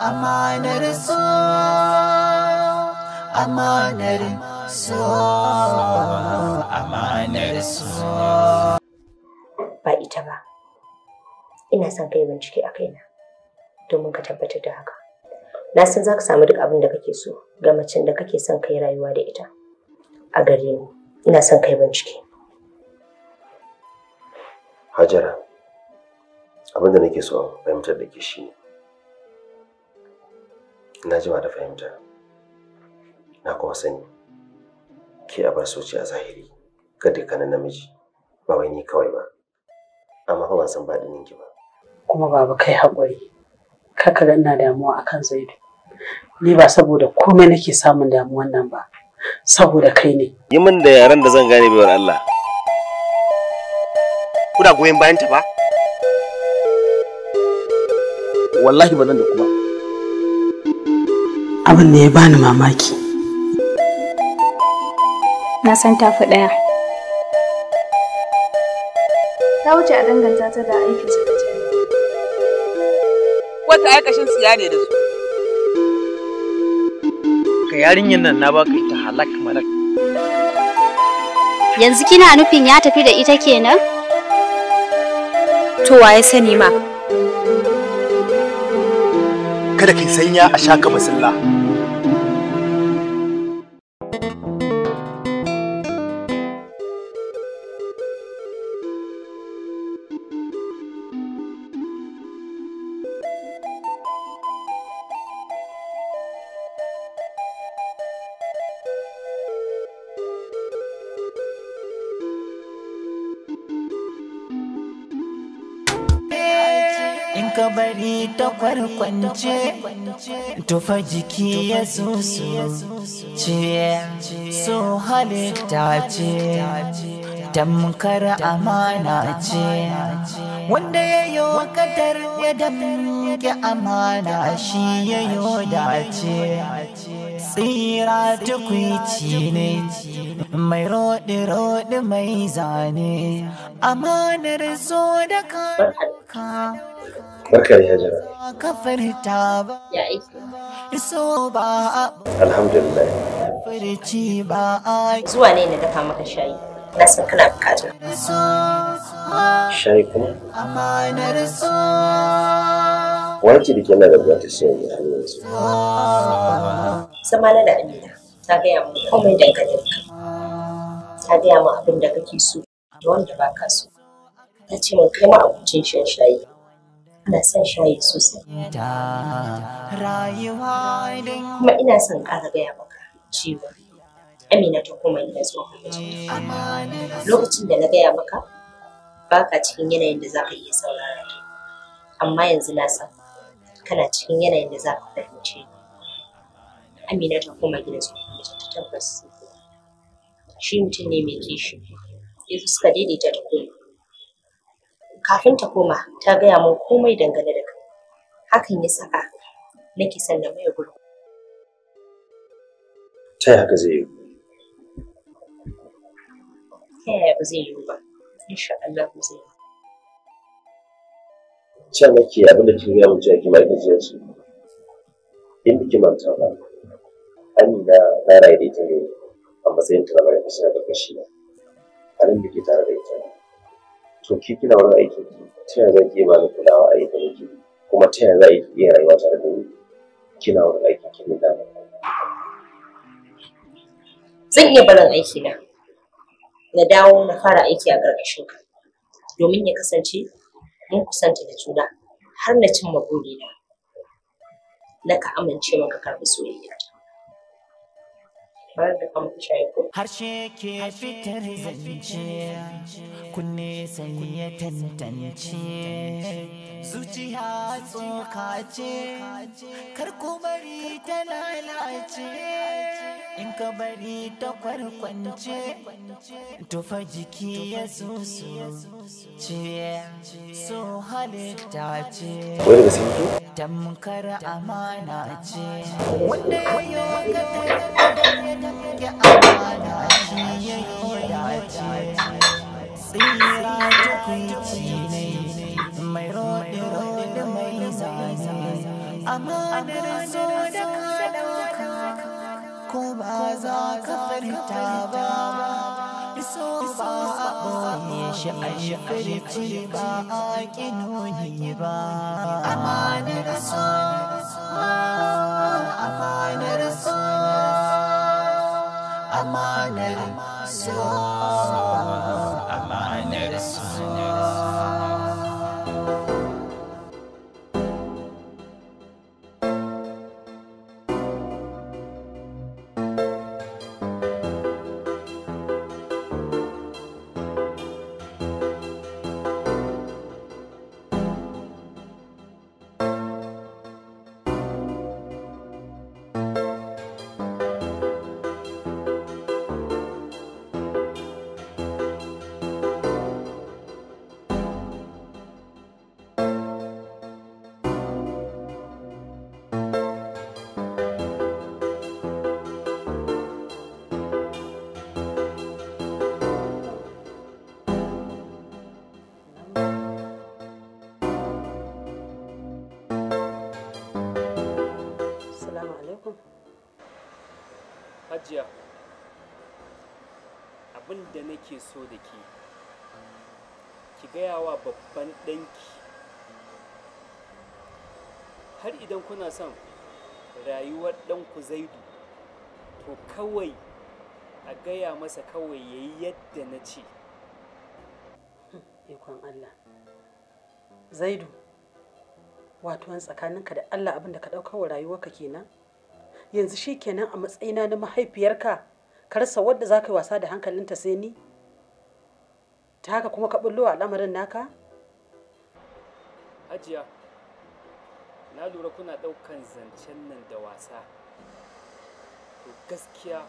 amanar ba ita ba ina son kai bincike a kaina domin ka tabbatar da haka na san za ka samu duk abin da kake so ga macen da kake son kai rayuwa da ita a gare ni ina son kai bincike hajara abin da nake so a fahimtar da ke shi ne na jima da fahimta na kuma sani ke a bar soci a zahiri ga dukkanin namiji ba wai ni kawai ba amma ba ban san da ki ba kuma baba kai haƙuri kaka ina damuwa akan zaidu ni ba saboda komai nake samun damuwan nan ba saboda kai ne yi min da yaran da zan gane baiwar Allah kuna goyon bayan ta ba wallahi ba nan da kuma abin da ya bani mamaki na san tafi ɗaya ta wuce a danganta ta da aikin su wata aikashin su yare da su ka yarinyar nan na baka ita halak malak yanzu kina nufin ya tafi da ita kenan? To waye sani ma. Kada kai sanya a shaka basilla. in ka bari ta kwarkwance tufa jiki ya susu ce so halitta ce tamkar amana ce wanda ya yi kadar ya damke amana shi ya yi dace tsira tukwici ne mai rodi rodi mai zane amanar so da kanuka barka ya jira alhamdulillah zuwa ne na dafa maka shayi na san kana bukata shayi kuma wanki da kina da bukatar shayi ne har yanzu samana da amina ta gaya mu komai dangane ta gaya mu abin da kake so da wanda ba ka so ta ce mun kai ma abincin shan shayi Ana son shayi sosai. Kuma ina son ƙara gaya maka cewa Amina ta koma ina zuwa Lokacin da na gaya maka ba ka cikin yanayin da za ka iya saurara ta. Amma yanzu na san kana cikin yanayin da za ka fahimce ni. Amina ta koma gidan su ta tabbas. Shi mutum ne mai kishi. Yanzu suka daidaita ta kuma. Kafin ta koma, ta gaya min komai dangane da kai. Hakan ya saka nake son na mai gudu. Ta yaya haka zai yi Ta yaya ba zai yi ba? Insha Allah ba zai yiwu. Can nake abin da kin gaya min cewa kima kin jiya su. In biki manta ba, Amina ta raye da ita ne a matsayin ta na mara kusa da ƙarƙashi. A nan biki tare da ita ne. to ki kina wani aiki ta yaya za ba da kulawa a yadda kuma ta yaya za ki iya rayuwa tare da ni kina wani aiki kin da zan iya barin aiki na na dawo na fara aiki a ƙarƙashin ka domin ya kasance mun kusanta da juna har na cimma burina na ka amince maka karɓi soyayya Harshe ke fitar zance, kunne sai tantance. zuciya tsoka ce kar ku bari ta lalace in ka bari ta kwarkwance tufa jiki ya susu ce so halitta ce tamkar amana ce wanda ya yi wa ya amana ya yi tsira ne mai rode rode mai zane amanar so da ko ba za ka furta ba so ba a boye shi a yi furci ba a kinoni ba amanar so amanar so amanar so amanar so hajiya abin da nake so da ke ki gaya wa babban ɗanki har idan kuna son rayuwar ɗanku zaidu to kawai a gaya masa kawai ya yi yadda na ce hmm, ikon allah zaidu wato tsakaninka da allah abin ka ɗauka wa rayuwarka kenan yanzu shi kenan a matsayina na mahaifiyarka ka rasa wadda za ka yi wasa da hankalinta sai ni ta haka kuma ka bullo al'amarin naka ajiya na lura kuna ɗaukan zancen nan da wasa to gaskiya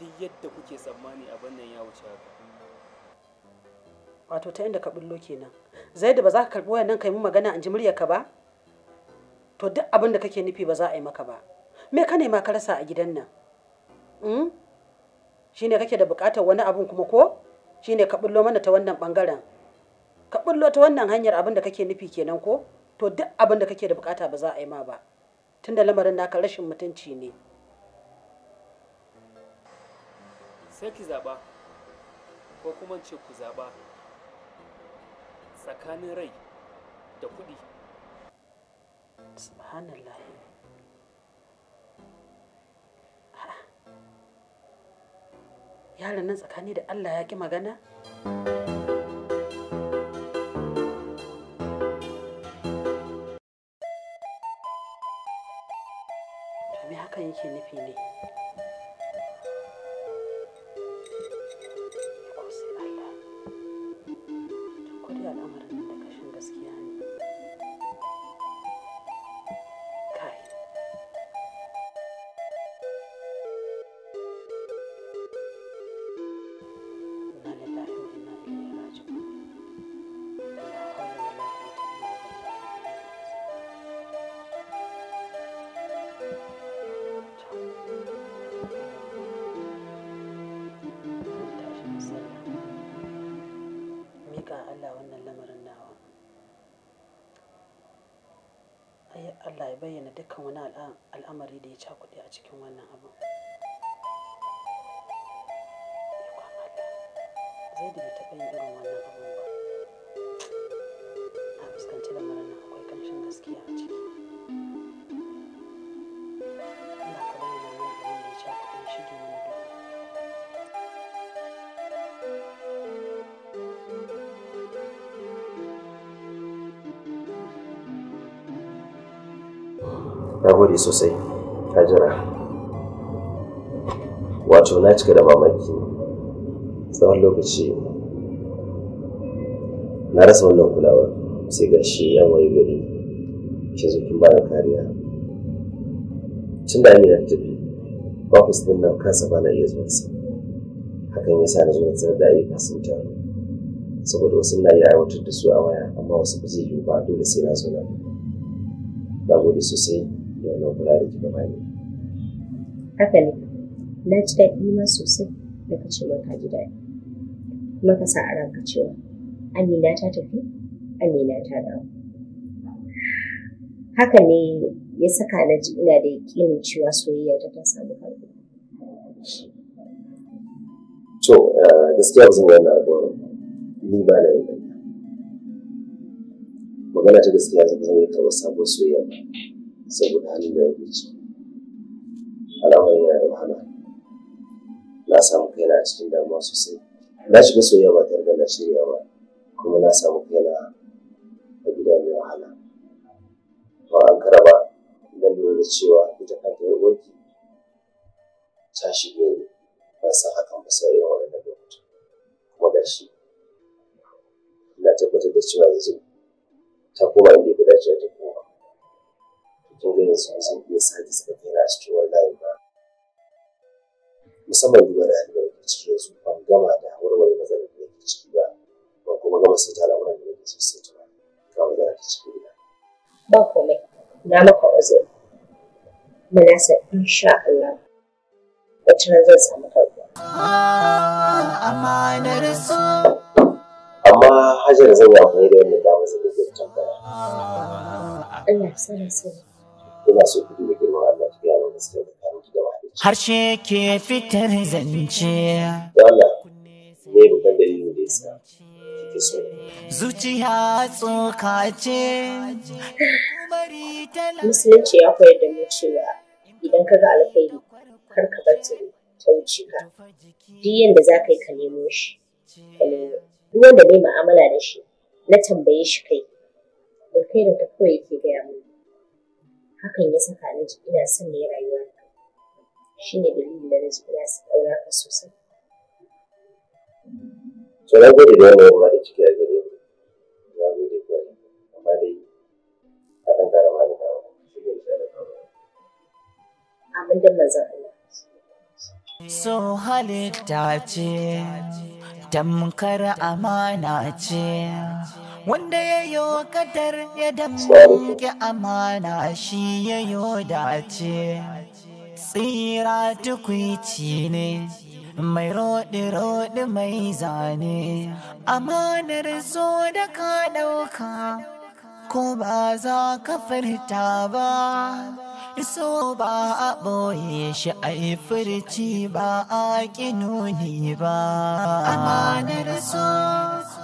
duk yadda kuke tsammani abin nan ya wuce haka wato ta inda ka bullo kenan zai da ba za ka karɓi wayannan kai mu magana an ji muryarka ba to duk abin da kake nufi ba za a yi maka ba me ka nema ka rasa a gidan nan mm? shi ne kake da bukatar wani abun kuma ko shi ne ka bullo mana ta wannan bangaren ka bullo ta wannan hanyar abin da kake nufi kenan ko to duk abin da kake da bukata ba za a yi ma ba tunda lamarin naka rashin mutunci ne sai ki zaba ko kuma ce ku zaba tsakanin rai da kuɗi subhanallah yaron nan tsakani da Allah ya ƙi magana? al'amari da ya cakuɗe a cikin wannan abin zai da taɓa yin irin wannan abin ba a fuskanci lamarin nan akwai ƙamshin gaskiya a ciki na gode sosai ka jira wato na cika da mamaki tsawon lokaci na rasa wannan kulawar sai ga shi yan waye gari ke zukin bayan kariya tun da amina ta tafi ofis din nan kansa ba na iya zuwansa. sa hakan sa na zuwa tsar da ayyuka sun taru saboda wasu na iya aiwatar da su a waya amma wasu ba zai yiwu ba dole sai na zo na gode sosai da kula da kika bani. Haka ne, na ji daɗi ma sosai da ka ce ka ji daɗi. Kuma ka sa a ranka cewa Amina ta tafi, Amina ta dawo. Haka ne ya saka na ji ina da yaƙinin cewa soyayya ta ta samu karɓi. To, eh, gaskiya zan yi abuwa alƙawarin ni ba na yin magana ta gaskiya ta zama ya karɓar sabuwar soyayya saboda halin da yake ci al'amarin yana da wahala na samu kaina a cikin damuwa sosai na shiga soyayya ba tare da na shirya ba kuma na samu kaina a gida mai wahala ba an karaba na lura da cewa ita kanta yar ta shige ne ban san hakan ba sai irin wannan lokuta kuma na tabbatar da cewa yanzu ta koma inda ya dace ta koma kin ga yanzu zan iya sake saka kaina a cikin wannan ba musamman duba da halin da nake ciki yanzu ban gama da warware matsalar da nake ciki ba ban kuma gama sai ta lamuran da nake sosai ta ba ga magana ta ciki ba. ba komai na maka wazo muna sa insha Allah wacce nan zan samu karɓa. amma hajar zai yi amfani da wannan damar zai iya tambaya. Allah sana sana. so harshe ke fitar zance da ne babban zuciya tsoka musulunci ya koyar da mu idan ka ga alkhairi kar ka bar ta wuce ka duk yanda za ka yi ka nemo shi ka nemo duk wanda ne mu'amala da shi na tambaye shi kai alkhairin ta kawai yake gaya mun hakan ya saka na ji ina son na rayuwa shi ne dalilin da na ji ina son ka sosai. to na gode da yanayin ma da ciki a gare ni na gode kuwa amma dai a ɗan ƙara ma da kawo shi ne da da kawo. abin da na Allah. So halitta ce, tamkar amana ce, wanda ya yi kadar ya damke amana shi ya yi dace tsira tukwici ne mai roɗi-roɗi mai zane amanar zo da ka ɗauka ko ba za ka furta ba so ba a ɓoye shi a yi furci ba a ƙinoni ba amanar so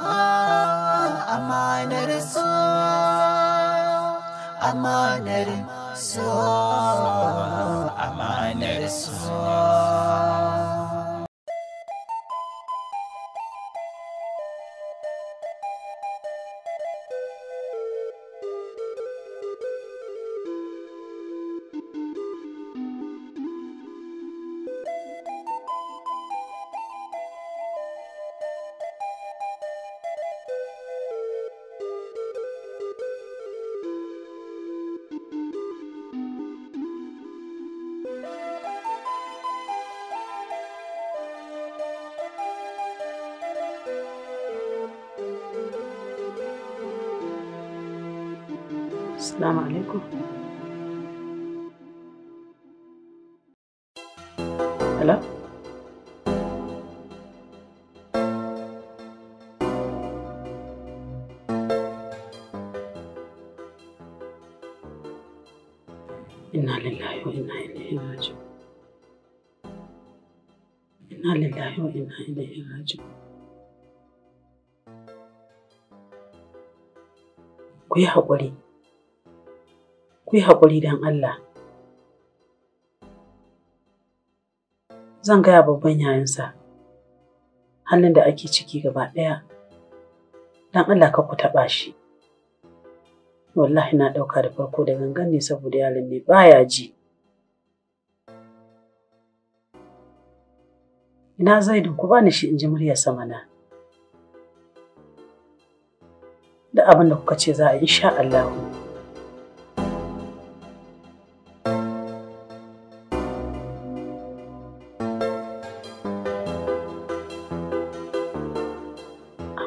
Ah, amanerin so amanerin so amanerin so Assalamu alaikum. Hello? Inna lillahi wa inna ilaihi raji'un. Inna lillahi wa inna ilaihi raji'un. ku yi haƙuri ku yi haƙuri don Allah. Zan gaya babban yayansa hannun da ake ciki gaba ɗaya don Allah ka ku taɓa shi. Wallahi na ɗauka da farko da gangan ne saboda yaron ne baya ji. Ina zaidu ku bani shi in ji sama na. Da abin da kuka ce za a yi sha Allahu.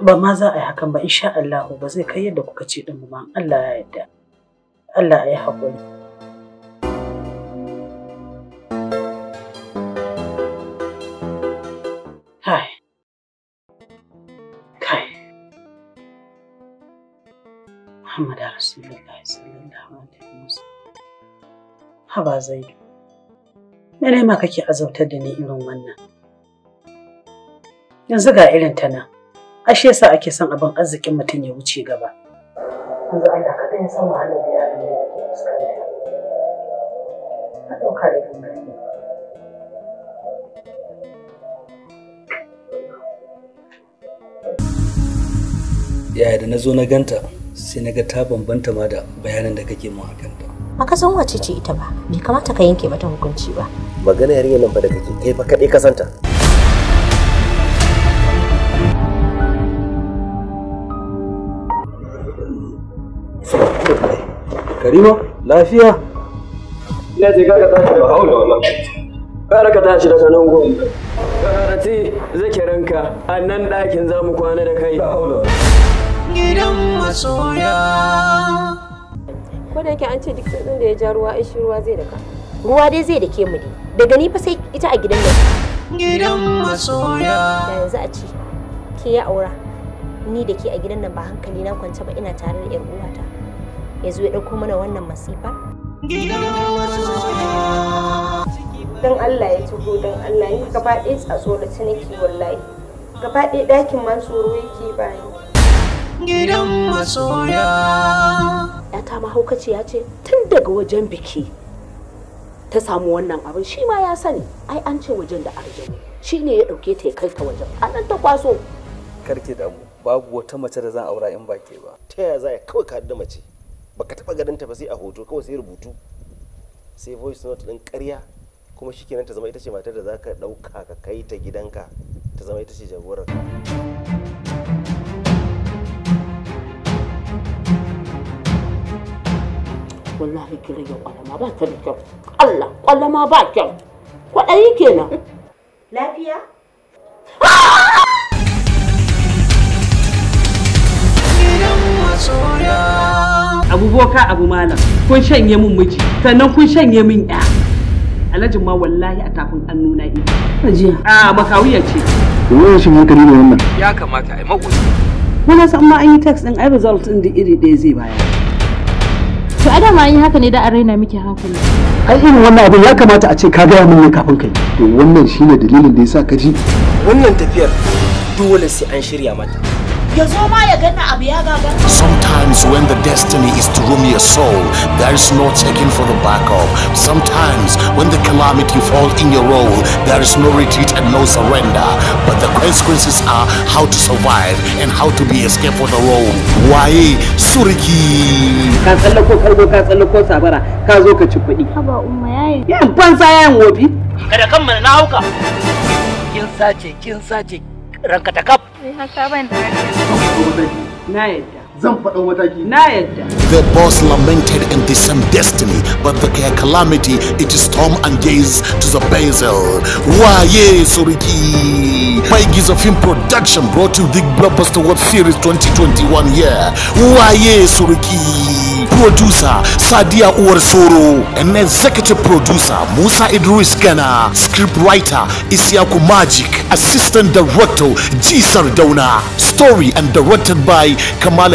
ba ma za a yi hakan ba insha Allah ba zai kai yadda kuka ce din ba Allah ya yarda Allah ya yi haƙuri Kai. kai Muhammad Rasulullah sallallahu alaihi wasallam Haba zai Me ne ma kake azautar da ni irin wannan yanzu ga irin ta nan ashe yasa ake son abin arzikin mutum ya wuce gaba yanzu Allah kada ya san wahalar da ya da ka dauka da gangan yaya da na zo na ganta sai na ga ta bambanta ma da bayanan da kake mun kanta. Ba san wace ce ita ba bai kamata ka yanke mata hukunci ba magana yarinya nan ba da kake kai fa kaɗai ka santa Karima, lafiya? Ina ce ka tashi da haula wala. Kara ka tashi daga nan gon. Karati zake ranka, a nan ɗakin za mu kwana da kai. Gidan masoya. Ko da yake an ce duk tsirrin da ya ja ruwa, ai shi ruwa zai daka. Ruwa dai zai dake mu ne. Daga ni fa sai ita a gidan nan. Gidan masoya. Yanzu a ce, ke ya aura. Ni da ke a gidan nan ba hankali na kwance ba ina tare da 'yar uwata. ya zo ya ɗauko mana wannan masifa? Don Allah ya tugo don Allah yi gaba ɗaya tsatso da ta nake wallahi. Gaba ɗaya ɗakin ma tsoro yake bani. Gidan masoya. Yata mahaukaciya ce tun daga wajen biki ta samu wannan abin shi ma ya sani ai an ce wajen da arjini shi ne ya ɗauke ta ya kai ta wajen a nan ta kwaso. ki damu babu wata mace da zan aura in ba ke ba ta yaya za a kawai ka da mace baka taba ganin ta ba sai a hoto kawai sai rubutu sai voice note din ƙarya kuma shikenan ta zama ita ce matar da zaka dauka ka kai ta gidanka ta zama ita ce jagorar ka wallahi ki rage kwalama ba ta da kyau Allah kwalama ba kyau kwaɗayi kenan lafiya yeah. boka abu malam kun shanye min miji sannan kun shanye min ya alhajin ma wallahi a tafin an nuna ita ajiya a makawiya ce wani shi hankali ne wannan ya kamata a magoji muna san ma an yi text din ai result din da iri ɗaya zai baya to a dama an yi haka ne da an raina miki hankali ai irin wannan abin ya kamata a ce ka gaya min ne kafin kai to wannan shine dalilin da yasa ka ji wannan tafiyar dole sai an shirya mata Sometimes when the destiny is to ruin your soul, there is no taking for the back of. Sometimes when the calamity falls in your role, there is no retreat and no surrender. But the consequences are how to survive and how to be escaped for the role. Waye suriki. Ka tsallako kargo ka tsallako sabara ka zo ka ci kuɗi. Haba umma wobi. kan mana na hauka. Kin sace kin sace ranka ta kaf. Ni haka ban da Na yadda. the boss lamented in the same destiny but the care calamity it is storm and gaze to the basil waye suriki my gizo film production brought you the blockbuster world series 2021 year waye suriki producer sadia uwar and executive producer musa idris gana script writer isiaku magic assistant director g Sardona, story and directed by kamal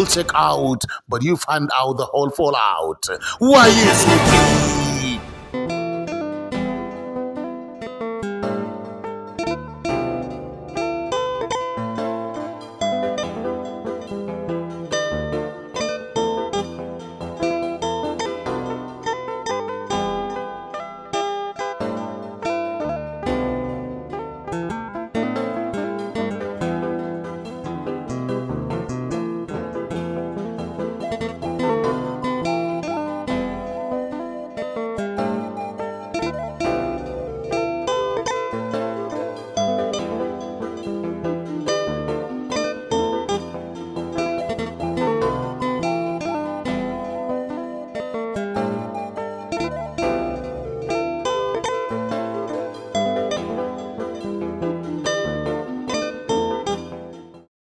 will check out, but you find out the whole fallout. Why is it?